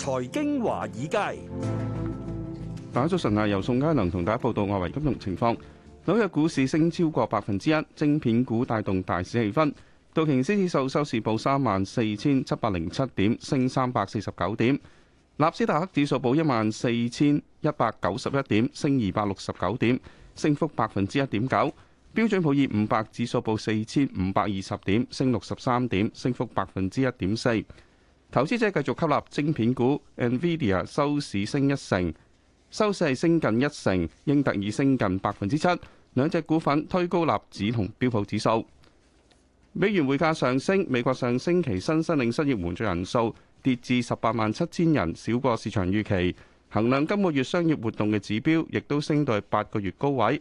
財經華爾街，打咗晨下，由宋佳能同大家報道外圍金融情況。紐約股市升超過百分之一，晶片股帶動大市氣氛。道瓊斯指數收市報三萬四千七百零七點，升三百四十九點。納斯達克指數報一萬四千一百九十一點，升二百六十九點，升幅百分之一點九。標準普爾五百指數報四千五百二十點，升六十三點，升幅百分之一點四。投資者繼續吸納晶片股，Nvidia 收市升一成，收市係升近一成；英特爾升近百分之七，兩隻股份推高納指同標普指數。美元匯價上升，美國上星期新申領失業援助人數跌至十八萬七千人，少過市場預期。衡量今個月商業活動嘅指標亦都升到八個月高位。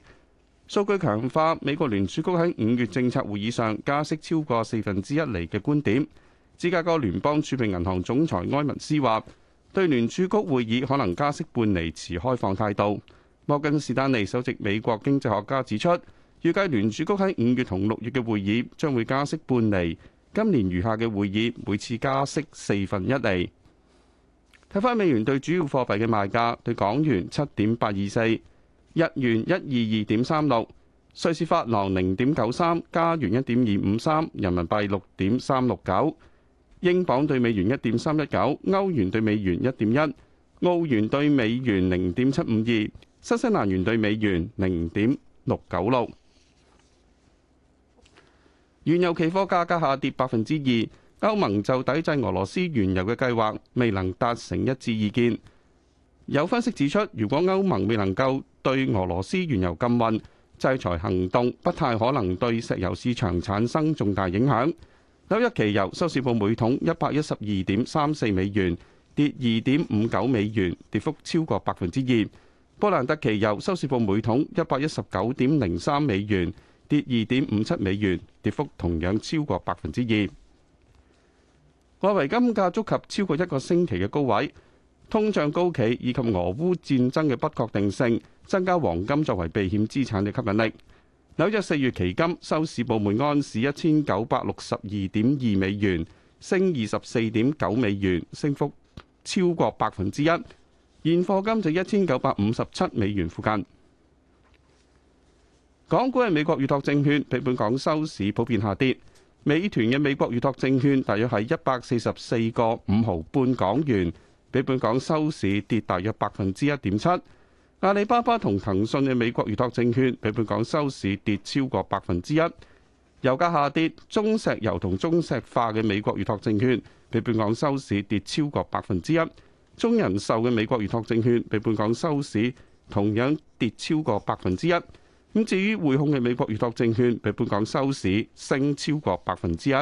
數據強化美國聯儲局喺五月政策會議上加息超過四分之一釐嘅觀點。芝加哥聯邦儲備銀行總裁埃文斯話：對聯儲局會議可能加息半厘，持開放態度。摩根士丹利首席美國經濟學家指出，預計聯儲局喺五月同六月嘅會議將會加息半厘，今年餘下嘅會議每次加息四分一厘。睇翻美元對主要貨幣嘅賣價：對港元七點八二四，日元一二二點三六，瑞士法郎零點九三，加元一點二五三，人民幣六點三六九。英鎊兌美元一點三一九，歐元兌美元一點一，澳元兌美元零點七五二，新西蘭元兌美元零點六九六。原油期貨價格下跌百分之二，歐盟就抵制俄羅斯原油嘅計劃未能達成一致意見。有分析指出，如果歐盟未能夠對俄羅斯原油禁運，制裁行動不太可能對石油市場產生重大影響。紐約期油收市報每桶一百一十二點三四美元，跌二點五九美元，跌幅超過百分之二。布蘭特期油收市報每桶一百一十九點零三美元，跌二點五七美元，跌幅同樣超過百分之二。外圍金價觸及超過一個星期嘅高位，通脹高企以及俄烏戰爭嘅不確定性，增加黃金作為避險資產嘅吸引力。紐約四月期金收市報每安市一千九百六十二點二美元，升二十四點九美元，升幅超過百分之一。現貨金就一千九百五十七美元附近。港股嘅美國預託證券，比本港收市普遍下跌。美團嘅美國預託證券大約係一百四十四個五毫半港元，比本港收市跌大約百分之一點七。阿里巴巴同騰訊嘅美國預託證券，比本港收市跌超過百分之一。油價下跌，中石油同中石化嘅美國預託證券比本港收市跌超過百分之一。中人壽嘅美國預託證券比本港收市同樣跌超過百分之一。咁至於匯控嘅美國預託證券比本港收市升超過百分之一。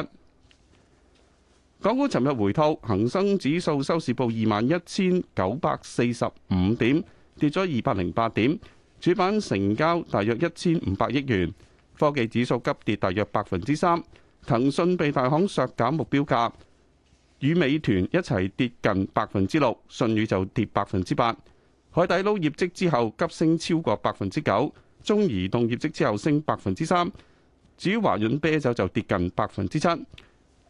港股尋日回吐，恒生指數收市報二萬一千九百四十五點。跌咗二百零八點，主板成交大約一千五百億元。科技指數急跌大約百分之三，騰訊被大行削減目標價，與美團一齊跌近百分之六，舜宇就跌百分之八。海底撈業績之後急升超過百分之九，中移動業績之後升百分之三，至於華潤啤酒就跌近百分之七。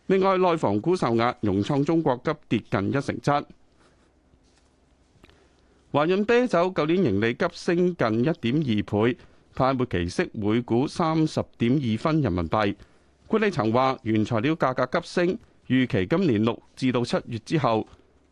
另外，內房股受壓，融創中國急跌近一成七。華潤啤酒舊年盈利急升近一點二倍，派末期息每股三十點二分人民幣。管理層話原材料價格急升，預期今年六至到七月之後，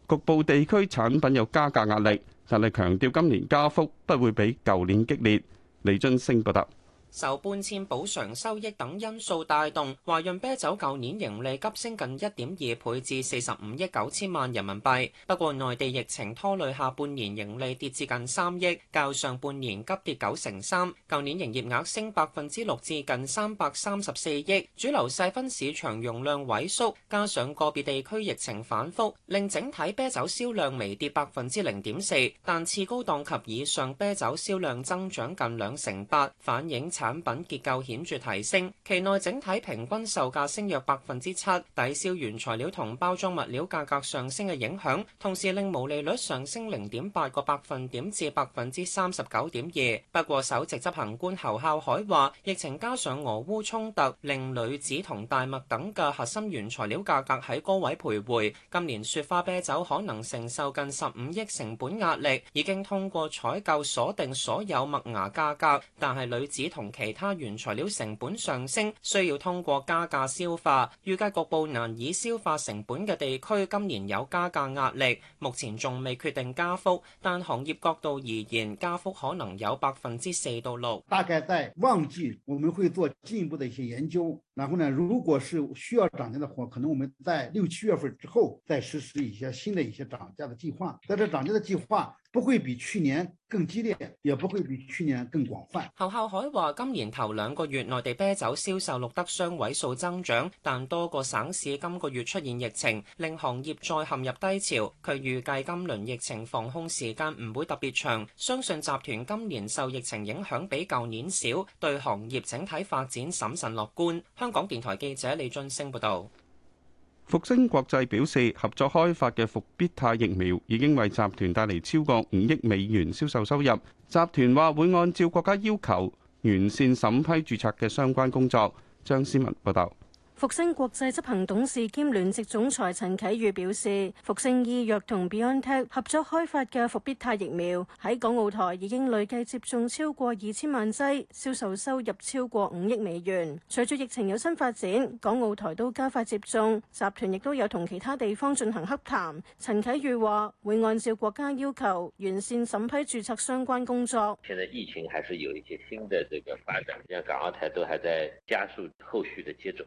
局部地區產品有加價壓力，但係強調今年加幅不會比舊年激烈。李津升報道。受搬遷補償收益等因素帶動，華潤啤酒舊年盈利急升近一點二倍至四十五億九千萬人民幣。不過，內地疫情拖累下半年盈利跌至近三億，較上半年急跌九成三。舊年營業額升百分之六至近三百三十四億，主流細分市場容量萎縮，加上個別地區疫情反覆，令整體啤酒銷量微跌百分之零點四，但次高檔及以上啤酒銷量增長近兩成八，反映產品結構顯著提升，期內整體平均售價升約百分之七，抵消原材料同包裝物料價格上升嘅影響，同時令毛利率上升零點八個百分點至百分之三十九點二。不過，首席執行官侯孝海話：疫情加上俄烏衝突，令鋁紙同大麥等嘅核心原材料價格喺高位徘徊。今年雪花啤酒可能承受近十五億成本壓力，已經通過採購鎖定所有麥芽價格，但係鋁紙同。其他原材料成本上升，需要通過加價消化。預計局部難以消化成本嘅地區，今年有加價壓力。目前仲未決定加幅，但行業角度而言，加幅可能有百分之四到六。大概在旺季，我們會做進一步的一些研究。然後呢，如果是需要漲價的話，可能我們在六七月份之後再實施一些新的一些漲價的計劃。但係漲價的計劃不會比去年。更激烈，也不會比去年更廣泛。侯孝海話：今年頭兩個月內地啤酒銷售錄得雙位數增長，但多個省市今個月出現疫情，令行業再陷入低潮。佢預計今輪疫情防控時間唔會特別長，相信集團今年受疫情影響比舊年少，對行業整體發展審慎樂觀。香港電台記者李俊升報道。復星國際表示，合作開發嘅復必泰疫苗已經為集團帶嚟超過五億美元銷售收入。集團話會按照國家要求，完善審批註冊嘅相關工作。張思文報道。復星國際執行董事兼聯席總裁陳啟宇表示，復星醫藥同 BioNTech 合作開發嘅復必泰疫苗喺港澳台已經累計接種超過二千萬劑，銷售收入超過五億美元。隨住疫情有新發展，港澳台都加快接種，集團亦都有同其他地方進行洽談。陳啟宇話，會按照國家要求，完善審批註冊相關工作。現在疫情還是有一些新的這個發展，像港澳台都還在加速後續的接種，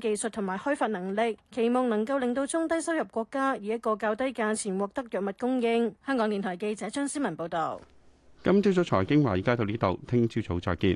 技術同埋開發能力，期望能夠令到中低收入國家以一個較低價錢獲得藥物供應。香港電台記者張思文報道。今朝早財經華爾街到呢度，聽朝早再見。